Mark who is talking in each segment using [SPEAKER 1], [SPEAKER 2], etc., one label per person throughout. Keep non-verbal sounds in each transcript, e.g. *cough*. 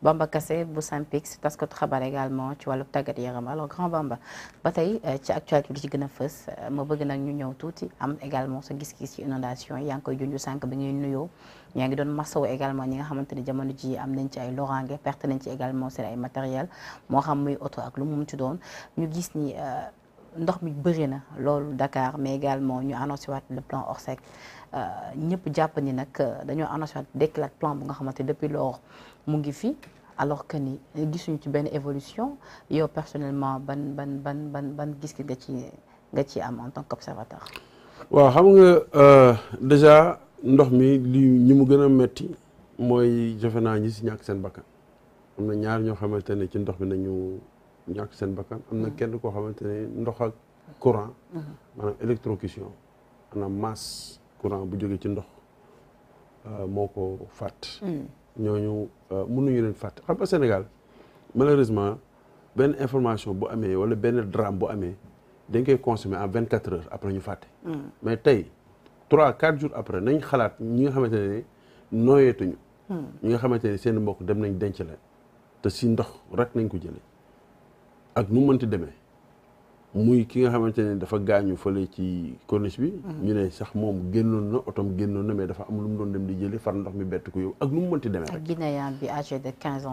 [SPEAKER 1] Bamba Kassé bu Sampix taskatu xabaar également ci wàllu tàggat yaram alors grand Bamba ba tey euh, ci actualité li ci gën a fës euh, ma bëgg nag ñu ñëw tuuti am également sa gis-gis ci inondation yaa ngi koy junju sànq bi ngay nuyoo ñaa ngi doon masawu également ñi nga xamante ne jamono ji am nañ ci ay loraange perte nañ ci également seen ay matériel moo xam muy oto ak lu mu ci doon ñu gis nii euh, ndox mi bëri na loolu Dakar mais également ñu annoncé waat le Euh, ñëpp jàpp ni nag euh, dañoo annoncé déclaré plan bu nga xamante depuis lors mu ngi fi alors que ni gisuñu ci benn évolution yow personnellement ban ban ban ban ban gis nga ci nga ci am en tant que qu'observateur.
[SPEAKER 2] waaw xam nga euh, déjà ndox mi li ñi mu gën a metti mooy jafe naa ñi si ñàkk seen bakkan am na ñaar ñoo xamante ne ci ndox mi nañu ñàkk seen bakkan am na mm-hmm. kenn koo xamante ne ndox ak courant mm-hmm. maanaam électrocution maanaam masse courant bu jógee ci ndox euh, moo ko fàtt hmm. ñooñu euh, mënuñu leen fàtt xam nga Sénégal malheureusement benn information bu amee wala benn drame bu amee dañ koy consommer en vingt quatre heures après ñu fàtte hmm. mais tey trois quatre jours après nañ xalaat ñi nga xamante ne nooyeetuñu hmm. ñi nga xamante ne seen mbokk dem nañ dencale te si ndox rek nañ ko jële ak nu mënti demee muy ki nga xamante ne dafa gaañu fële ci corniche bi. Mm. ñu ne sax moom génnoon na otom génnoon na mais dafa am lu mu doon dem di jëli far ndox mi bett ak nu mu mënti demee. ak
[SPEAKER 1] guinéen bi âgé de 15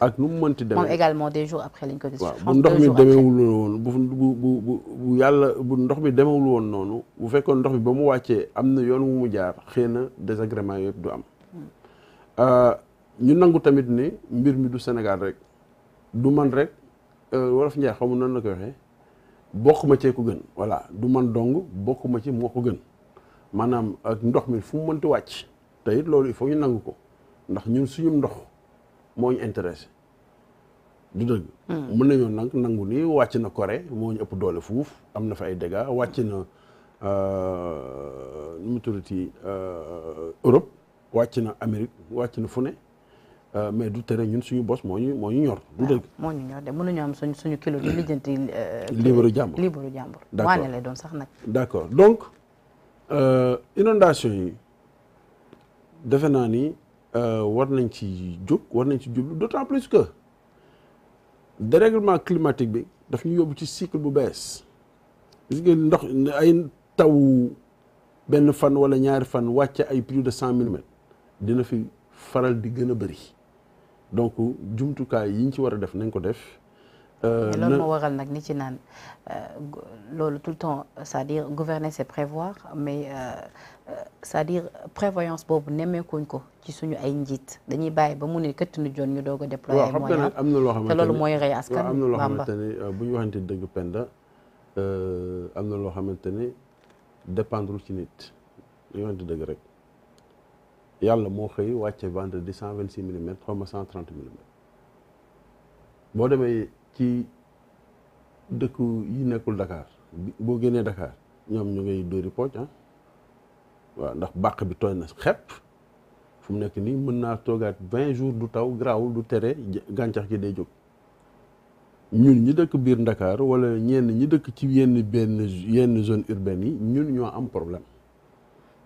[SPEAKER 2] ak nu mu mënti demee moom
[SPEAKER 1] également des jours après lañ ko gis. waaw bu ndox mi
[SPEAKER 2] demeewul woon bu bu bu bu yàlla bu ndox mi demeewul woon noonu bu fekkoon ndox mi ba mu wàccee am na yoon wu mu jaar xëy na désagrément yëpp du am. Mm. Euh, ñu nangu tamit ni mbir mi du Sénégal rek du man rek euh, wolof Ndiaye xamu na la ko waxee. ma cee ko gën voilà du man dong bokkuma ci moo ko gën maanaam ak ndox mi fu mu mënti wàcc te loolu il faut ñu nangu ko ndax ñun suñu ndox moo ñu intéressé du dëgg. Hmm. mën nañoo nag nangu ni wàcc na Corée moo ñu ëpp doole fuuf am na fa ay dégâts wàcc na euh, nu mu tuddati euh, Europe wàcc na Amérique wàcc na fu ne Euh, mais du tere ñun suñu bos moo ñu moo ñu ñor. du dëgg
[SPEAKER 1] moo ñu ñor de mënuñu am suñ suñu kilo di lijjanti. Euh, libre jàmbur libre jàmbur. d' accord waane lay doon sax nag.
[SPEAKER 2] d' accord donc euh, inondation yi defe naa ni war nañ ci jóg war nañ ci jublu d' autant plus que dérèglement climatique bi daf ñu yóbbu ci cycle bu bees gis nga ndox ay taw benn fan wala ñaari fan wàcce ay plus de cent millimètres dina fi faral di gën a bëri. donc jumtukaay yi ñu ci war a def nañ ko def. Euh, loolu moo
[SPEAKER 1] waral nag ni ci naan euh, loolu tout le temps sa à dire gouverner c'est prévoir mais euh, sa à dire prévoyance boobu nemmeekuñ ko ci suñu ay njiit dañuy bàyyi ba mu ne këtt nu joon ñu doog a déployer moyen am na loo xamante ne loolu mooy rey askan am na loo xamante
[SPEAKER 2] ne bu ñu waxante dëgg penda am na loo xamante ne dépendre ci nit dañu waxante dëgg rek yàlla moo xëy wàcce vendredi cent vingt six millimètres xaw ma cent trente boo demee ci dëkku yi nekkul Dakar boo génnee Dakar ñoom ñu ngay dóori pooj ah. waaw ndax bàq bi tooy na xepp fu mu nekk nii mën naa toogaat vingt jours du taw garaawul du tere gàncax gi day jóg ñun ñi dëkk biir Dakar wala ñenn ñi dëkk ci yenn benn yenn zone urbaine yi ñun ñoo am problème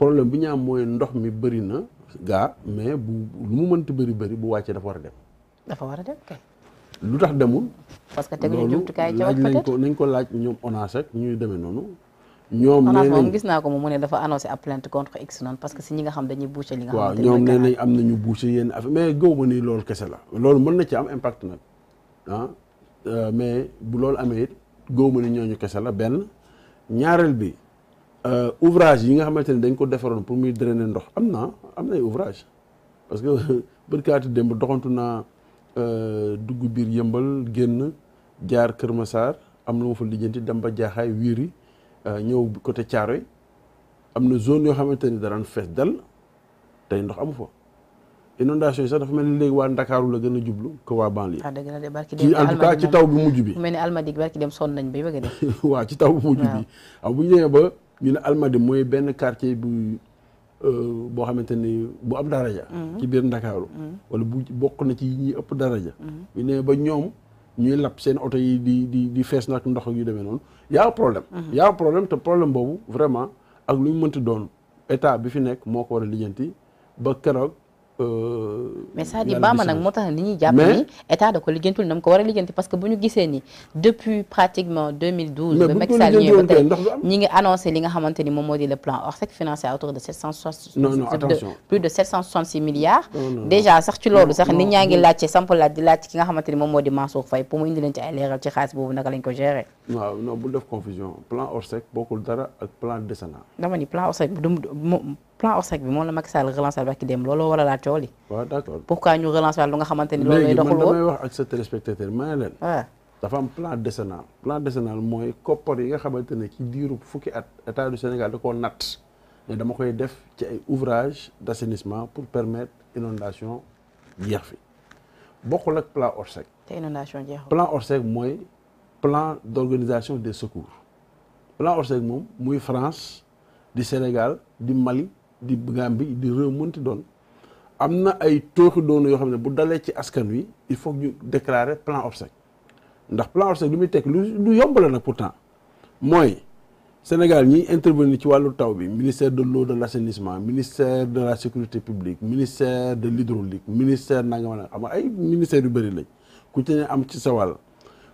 [SPEAKER 2] problème bi ñu am mooy ndox mi bëri na gaa mais bu lu mu mënti bëri bëri bu wàccee dafa war a dem.
[SPEAKER 1] dafa war a dem kay. lu tax demul. parce que teguñu jumtukaay ca wax peut-être
[SPEAKER 2] nañ ko laaj ñoom ONAS ak ñuy demee noonu. ñoom nee nañ gis
[SPEAKER 1] naa ko mu ne dafa annoncé ab plainte contre X parce que si ñi nga xam dañuy boucher li nga xam waaw ñoom nee
[SPEAKER 2] nañ ma ni loolu kese la loolu mën na ci am impact nag ah euh, mais bu loolu amee it gaw ma ni ñooñu kese la benn ñaareel bi Euh, ouvrage yi nga xamante ne dañ ko defaroon pour muy drainer ndox am na am nay ouvrage parce que *laughs* bërkaati démb doxantu naa euh, dugg biir yëmbal génn jaar Kër Massar am lu ma fa lijjanti dem ba jaaxaay wiiri euh, ñëw côté Thiaroye am na zone yoo xamante ni daraan fees dal tey ndox amu fa inondation yi sax dafa mel ni léegi waa Ndakaaru la gën a jublu que waa banlieue. ah
[SPEAKER 1] dëgg la de barki dem en tout cas ci taw bi mujj bi. mu dem sonn nañ ba
[SPEAKER 2] bëgg a *laughs* ci taw bu mujj bi. waaw bu ñëwee ba. ñu ne Almadi mooy benn quartier bu euh, boo xamante ni bu am daraja. Mm-hmm. ci biir Ndakaaru mm-hmm. wala bu bokk na ci ñi ëpp daraja. Mm-hmm. ñu ne ba ñoom ñuy lap seen oto yi di di di fees nag ndox yu demee noonu y' a problème. y' problème te problème boobu vraiment ak lu ñu mënti doon état bi fi nekk moo ko war a lijjanti ba keroog. Euh, mais ça dit Bamba nag moo tax
[SPEAKER 1] nit ñi jàpp ni état da ko lijjantul na mu ko war a lijjanti parce que bu ñu gisee ni depuis pratiquement ba Macky Sall ñëwee ba tey ñi ngi annoncé li nga xamante ni di le plan ORSEC financé à hauteur de plus de milliards. déjà sax ci loolu sax nit ñaa ngi laajte samp laaj ki nga xamante ni di Mansour Faye pour mu indi leen ci ay leeral ci xaalis boobu naka lañ ko gérer. plan Orsec bi moom la Macky Sall relancé waat ba ki war a laal coow li. waaw d'accord pourquoi ñu relancé lu nga xamante ni. loolu lay doxul woon léegi damay
[SPEAKER 2] wax ak sa téléspectateur leen. dafa am plan décennal. mooy koppar yi nga xamante ne ci diiru fukki at état du Sénégal da koo natt ne dama koy def ci ay ouvrage d'assainissement pour permettre inondation jeex fi bokkul ak plan Orsec.
[SPEAKER 1] te inondation jeexul
[SPEAKER 2] plan Orsec mooy plan d'organisation des secours plan Orsec moom muy France di Sénégal di di Gambie di réew doon am na ay tooxi doonu yoo xam ne bu dalee ci askan wi il faut ñu déclarer plan OPSEC ndax plan OPSEC lu muy teg lu lu yomb la nag temps mooy Sénégal ñiy intervenir ci wàllu taw bi ministère de l'eau de l'assainissement ministère de la sécurité publique ministère de l'hydraulique ministère nangam nag am ay ministères yu bëri lañ ku te ne am ci sa wàll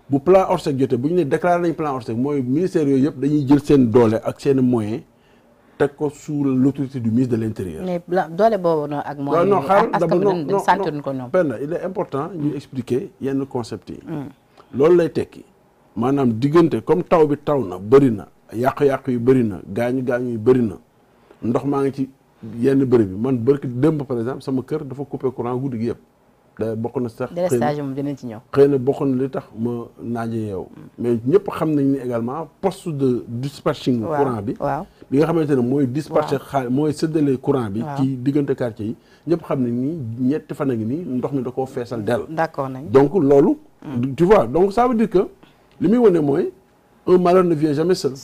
[SPEAKER 2] bu plan OPSEC jotee bu ñu ne déclarer nañ plan OPSEC mooy ministère yooyu yëpp dañuy jël seen doole ak seen moyen teg ko sous l'autorité du ministre de l'intérieur.
[SPEAKER 1] mais doole boobu noonu ak. mooy askan bi dañu sentir ko ñoom.
[SPEAKER 2] benn il est important ñu expliquer yenn concept yi. Mm. loolu lay tekki maanaam diggante comme taw bi taw na bëri na yàqu-yàqu yi bëri na gaañu gaañu yi bëri na ndox maa ngi ci yenn bëri bi man bërki démb par exemple sama kër dafa coupé courant guddi gi yëpp. da bokk na sax délestage moom ci ñëw xëy na bokk na li tax ma naaje yow mm. mais ñëpp xam nañ ni également poste de dispatching courant bi waaw bi nga xamante ne mooy dispatcher xaal mooy séddale courant bi ci diggante quartier yi ñëpp xam nañ nii ñetti fan a ngi nii ndox mi da koo feesal dell d'accord nañ donc loolu mm. tu vois donc ça veut dire que li muy wane mooy un malheur ne vient jamais seul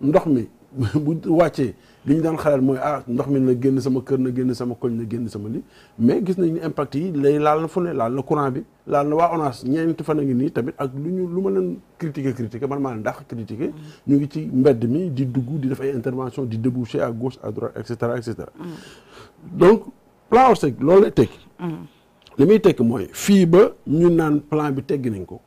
[SPEAKER 2] ndox mi bu wàccee li ñu daan xalaat mooy ah ndox mi na génn sama kër na génn sama koñ na génn sama li mais gis nañ ni impact yi lay laal na fu ne laal na courant bi laal na waa ONAS ñeenti fan a ngi nii tamit ak lu ñu lu ma leen critiqué critiqué man maa leen dàq mm. ñu ngi ci mbedd mi di dugg di def ay intervention di déboucher ak gauche à droite et cetera et cetera
[SPEAKER 1] mm.
[SPEAKER 2] donc plan Orsec lool lay tekki mm. li muy tekki mooy fii ba ñu naan plan bi teggi nañ ko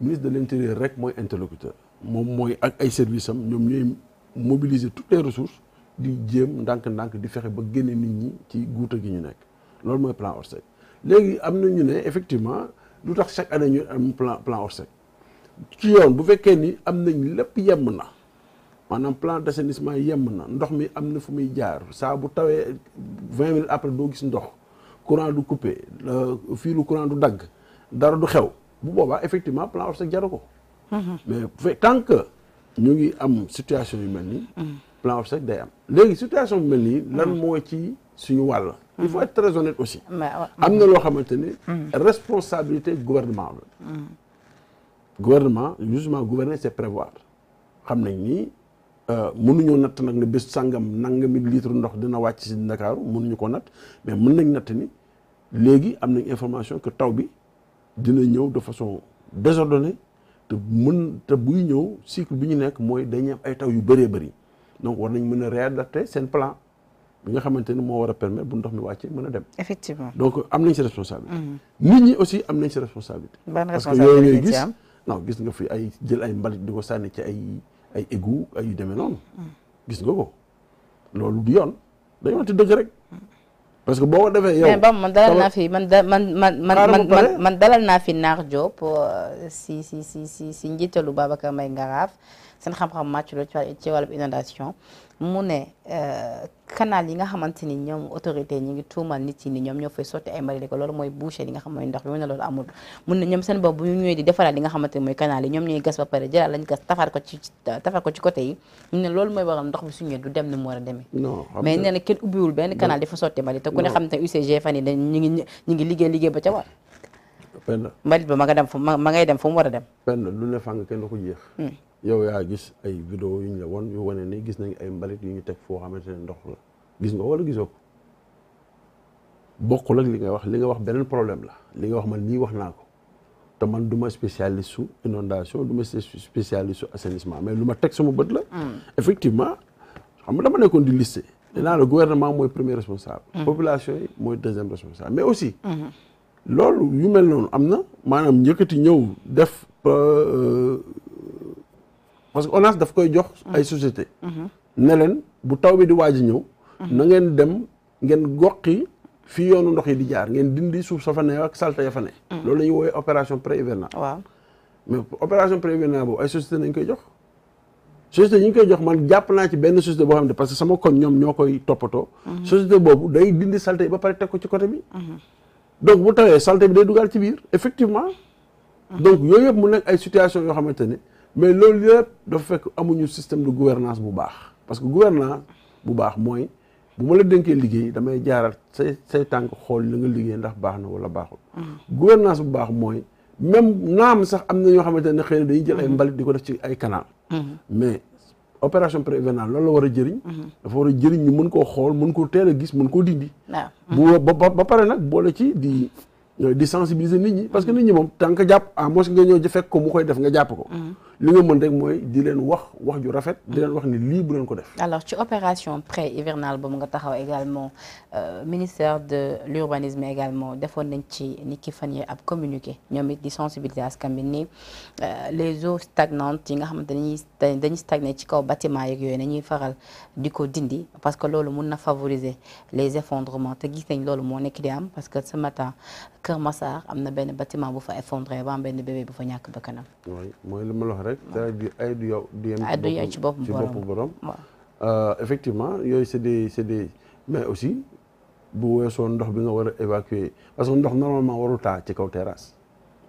[SPEAKER 2] ministre de l'intérieur rek mooy interlocuteur moom mooy ak ay service am ñoom mobiliser toutes les ressources di jéem ndànk-ndànk di fexe ba génne nit ñi ci guuta gi ñu nekk loolu mooy plan Orsec léegi am na ñu ne effectivement lu tax chaque année ñu am plan plan Orsec ci yoon bu fekkee ni am nañ lépp yemm na maanaam plan d'assainissement yemm na ndox mi am na fu muy jaar saa bu tawee vingt minutes après doo gis ndox courant du coupé lu courant du dagg dara du xew bu boobaa effectivement plan Orsec jaru ko mm-hmm. mais tant ñu ngi am situation yu mel nii. plan OPSEC day am léegi situation yu mel nii. lan mm. moo ci suñu wàll. il faut mm. être très aussi.
[SPEAKER 1] Mm. am na loo xamante ni.
[SPEAKER 2] responsabilité gouvernement la. gouvernement justement gouverner c'est prévoir xam nañ ni euh, mënuñoo natt nag ne bés sàngam nangami litre ndox dina wàcc si Ndakaaru mënuñu ko natt mais mun nañ natt ni léegi am nañ information que taw bi dina ñëw de façon désordonnée. te mën te buy ñëw cycle bi ñu nekk mooy dañuy am ay taw yu bëree bari donc war nañ mën a réadapter seen plan bi nga xamante ni moo war a bu ndox mi wàccee mën a dem. effectivement donc am nañ si responsabilité. Mm-hmm. nit ñi aussi am nañ si responsabilité. ban responsabilité parce que yooyu gis gis nga fi ay jël ay mbalit di ko sànni ci ay ay égout ay yu demee noonu. Mm. gis nga ko loolu du yoon dañu wante dëgg rek. parce que boo ko defee yow. mais ba man dalal naa fi
[SPEAKER 1] man man man man man dalal naa fi Naar Diop euh, si si si si si njiitalu Babacar Mbaye Ngaraaf seen xam-xam màcc la ci wàllu inondation mu ne eh, canal yi nga xamante ni ñoom autorité ñi ngi tuumal nit yi ni ñoom ñoo fay sotti ay mari ko loolu mooy bouché li nga xam mooy ndox bi mu ne loolu amul mun ne ñoom seen bopp bu ñu nga mooy canal yi ñoom ñooy gas ba pare jëlaat lañ gas ko ci ko ci côté ne loolu mooy waral ndox bi suñu du dem ni war a demee mais nee na kenn ubbiwul benn canal di sotti mbalit te ku ne xam ne UCG fan yi dañ ñu liggéey liggéey ba ca war mbalit ba ma nga dem fa ma ngay dem fa mu war a dem
[SPEAKER 2] lu ne fàng kenn du ko yow yaa gis ay vidéo yu ñu la won yu wane ni gis nañ ay mbalit yu ñu teg foo xamante ne ndox la gis nga wala gisoo ko bokkul ak li nga wax li nga wax beneen problème la li nga wax man nii wax naa ko te man du ma spécialiste su inondation du ma spécialiste su assainissement mais lu ma teg sama bët la hmm. effectivement xam nga dama nekkoon di liste hmm. dinaa le gouvernement mooy premier responsable hmm. population yi mooy deuxième responsable mais aussi loolu yu mel noonu am na maanaam njëkkati ñëw def euh, parce que ONAS daf koy jox ay société ne leen bu taw bi di waaj ñëw na ngeen dem ngeen goqi fii yoonu ndox yi di jaar ngeen dindi suuf sa fa ne ak salte ya fa ne loolu la ñuy woowee opération pré mais opération pré-hivernage boobu ay société nañ koy jox société yi ñu koy jox man jàpp naa ci benn société boo xam ne parce que sama koñ ñoom ñoo koy toppatoo société boobu day dindi salte yi ba pare teg ko ci côté bi donc bu tawee salte bi day dugal ci biir effectivement donc yooyu yëpp mu nekk ay yoo xamante ne mais loolu yëpp dafa fekk amuñu système de gouvernance bu baax parce que gouvernance bu baax mooy bu ma la dénkee liggéey damay jaaral say say tànk xool li liggéey ndax baax na wala baaxul mm-hmm. gouvernance bu baax mooy même naam sax am na ñoo xamante ne xëy na dañuy jël ay mm-hmm. mbalit di ko def ci ay canal mm-hmm. mais opération préventive loolu la war a jëriñ dafa war a jëriñ ñu mën koo xool mën koo teel gis mën koo dindi bu ba pare nag boole ci di di sensibiliser nit ñi parce que nit ñi moom tànk jàpp ah mos nga ñëw fekk ko mu koy def nga jàpp ko li nga mën rek mooy di leen wax wax ju rafet di leen wax ni lii bu leen ko def
[SPEAKER 1] alors ci opération pré hivernale boobu nga taxaw également euh, ministère de l'urbanisme également defoon nañ ci ni ki fan yi ab communiqué ñoom it di sensibiliser askan bi ni euh, les eaux stagnantes yi nga xamante dañuy dañuy stagné ci kaw bâtiment yeeg yooyu nañuy faral di ko dindi parce que loolu mun na favoriser les effondrements te gis nañ loolu moo nekk di am parce que ce matin Kër Massar am na benn bâtiment bu fa effondré ba benn bébé fa ñàkk bakkanam
[SPEAKER 2] rek c'est-à-dire ay du yow du yem ay du yow ci bopp borom euh, effectivement yooyu c'est des c'est des mais aussi bu weesoo ndox bi nga war a évacuer parce que ndox normalement waru taa ci kaw terrasse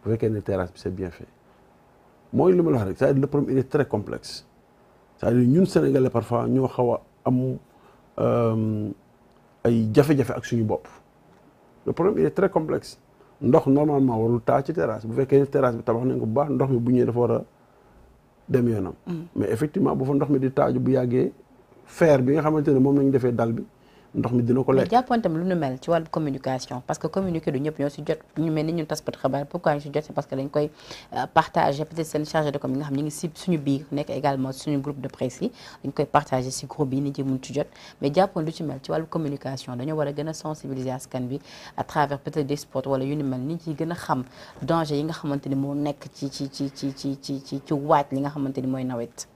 [SPEAKER 2] bu fekkee ne terrasse bi c'est bien fait mooy li ma la rek cest le problème il est très complexe c'est-à-dire ñun sénégalais xaw a am euh, ay jafe-jafe ak suñu bopp le problème il est très complexe ndox normalement warul taa ci terrasse bu fekkee ne terrasse bi tabax nañ bu baax ndox mi bu ñëwee dafa war dem yoonam mm. mais effectivement bu fa ndox mi di taaju bu yàggee fer bi nga xamante ne moom la ñu defee dal bi ndox mi dina ko lekk.
[SPEAKER 1] jàppoon tam lu nu mel ci wàllu communication parce que mais jàppoon lu a a a xam danger moo nekk ci ci ci ci ci ci ci waaj li nga xamante ni mooy nawet.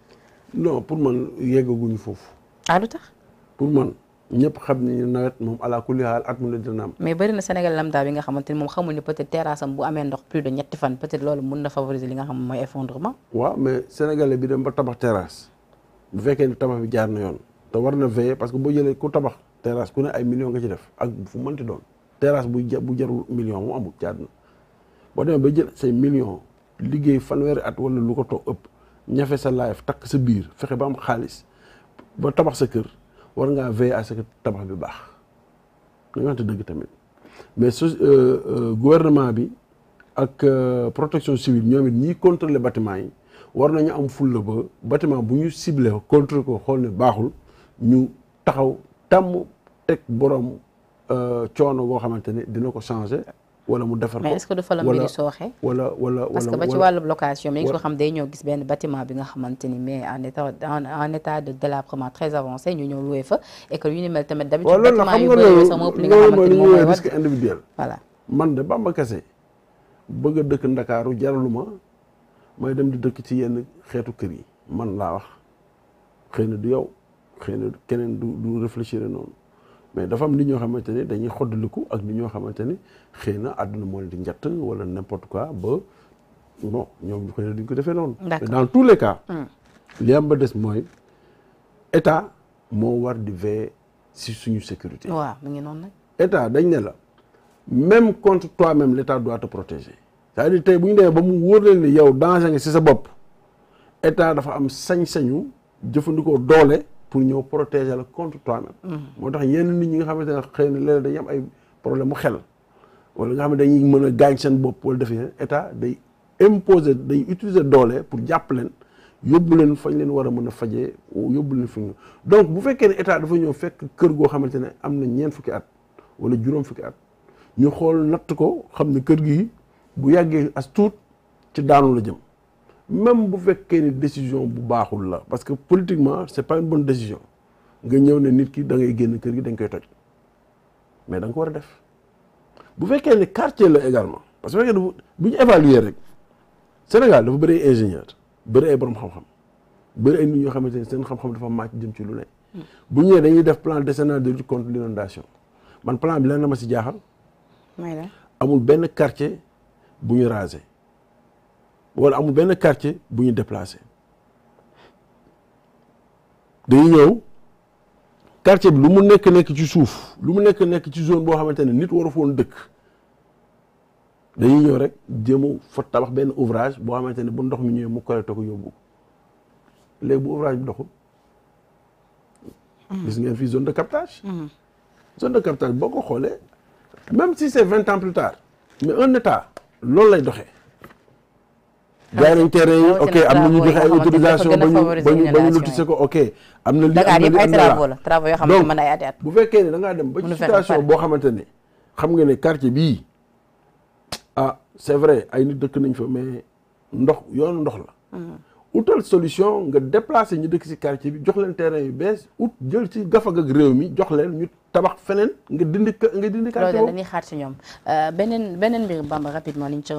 [SPEAKER 2] non pour man yeggaguñu foofu. ah lu tax. pour man. ñëpp xam ni nawet moom ala kulli haal at mu ne dina am.
[SPEAKER 1] mais bëri na Sénégal lambda bi nga xamante ni moom xamul ni peut-être terrasse am bu amee ndox plus de ñetti fan peut-être loolu mun na favoriser li nga xam mooy effondrement.
[SPEAKER 2] waaw mais bu fekkee ni tabax bi jaar na yoon te war na veiller parce que boo jëlee ku tabax terrasse ku ne ay millions nga ci def ak fu mënti doon terrasse bu bu jarul million mu amul jaar na boo demee ba jël say million liggéey fanweeri at wala lu ko toog ëpp ñafe sa laayaf takk sa biir fexe ba am xaalis ba tabax sa kër. war ngaa veiller à ce tabax bi baax dañu waxante dëgg tamit mais su euh, euh, gouvernement bi ak euh, protection civile ñoom it ñiy contrôler bâtiment yi war nañu am fulla ba bâtiment bu ñu ciblé contrôler ko xool ne baaxul ñu taxaw tàmm teg boroom coono goo xamante ni dina ko changer wala mu defar ko mais est-ce que dafa la mbiri sooxe. wala wala ba ci wàllu
[SPEAKER 1] location mi ngi ko xam day ñoo gis benn bâtiment bi nga xamante ni mais en état en état de délabrement très avancé ñu ñëw loué fa et que yu ni mel tamit. d'habitude sa yu bëri sax moo ëpp li
[SPEAKER 2] nga man de Bamba Kassé bëgg dëkk Ndakaaru jaraluma may dem di dëkk ci yenn xeetu kër yi man laa wax xëy du yow xëy du du réfléchir noonu. mais dafa am nit ñoo xamante ne dañuy xoddaliku ak nit ñoo xamante ne xëy na àdduna moo leen di njatt wala n'importe quoi ba bon ñoom xëy na duñ ko defee noonu. mais dans tous les cas. Hmm. li am ba des mooy état moo war di veiller si suñu sécurité.
[SPEAKER 1] waaw mu ngi noonu
[SPEAKER 2] état dañ ne la même contre toi-même l'état doit te protéger. cest à tey bu ñu demee ba mu wóor leen ni yow danger nga si sa bopp état dafa am sañ-sañu jëfandikoo doole. pour ñëw protéger la contre toi mm-hmm. moo tax yenn nit ñi nga xamante ne xëy na léeg-léeg am ay problème mu xel. wala nga xam ne dañuy mën a gaañ seen bopp wala defee état day imposer day utiliser doole pour jàpp leen yóbbu leen fañ leen war a mën a fajee yóbbu leen fañ donc bu fekkee ne état dafa ñëw fekk kër goo xamante ne am na ñeen fukki at wala juróom fukki at ñu xool natt ko xam ne kër gi bu yàggee as tuut ci daanu la jëm. même bu fekkee ni décision bu baaxul la parce que politiquement c'est pas une bonne décision nga ñëw ne nit ki da ngay génn kër gi dañ koy toj mais da ko war a def bu fekkee ne quartier la également parce que fekkee dafa bu ñu évaluer rek Sénégal dafa bëri ay ingénieur bëri borom xam-xam bëri ay xamante ne seen xam dafa màcc jëm ci lu hmm. bu ñëwee dañuy def plan décennal de lutte contre l'inondation man plan bi lan na ma si jaaxal amul benn quartier bu ñu raser wala amul benn quartier bu ñu déplacé dañu ñëw quartier bi lu mu nekk nekk ci suuf lu mu nekk nekk ci zone boo xamante ne nit waru foon dëkk dañuy ñëw rek jéem a fa tabax benn ouvrage boo xamante ne bu ndox mi ñëwee mu collecté ko yóbbu léegi bu ouvrage bi doxul. Mm-hmm. gis ngeen fii zone de captage. Mm-hmm. zone de captage boo ko xoolee même si c'est vingt ans plus tard mais un état loolu lay doxee. jaay nañ terrain yi ok am na ñu joxe ay autorisation ba ñu ba ñu bu fekkee da ngaa dem ba ci situation boo xamante ne xam nga ne quartier bii ah c'est vrai ay nit dëkk nañ fa mais ndox yoonu ndox la mm-hmm. utal solution nga déplacer ñu dëkk si quartier bi jox leen terrain yi bees ut jël ci gafa ak réew mi jox leen ñu tabax feneen nga dindi nga dindi quartier boobu loolu
[SPEAKER 1] xaar si ñoom euh, beneen beneen mbir rapidement liñ ci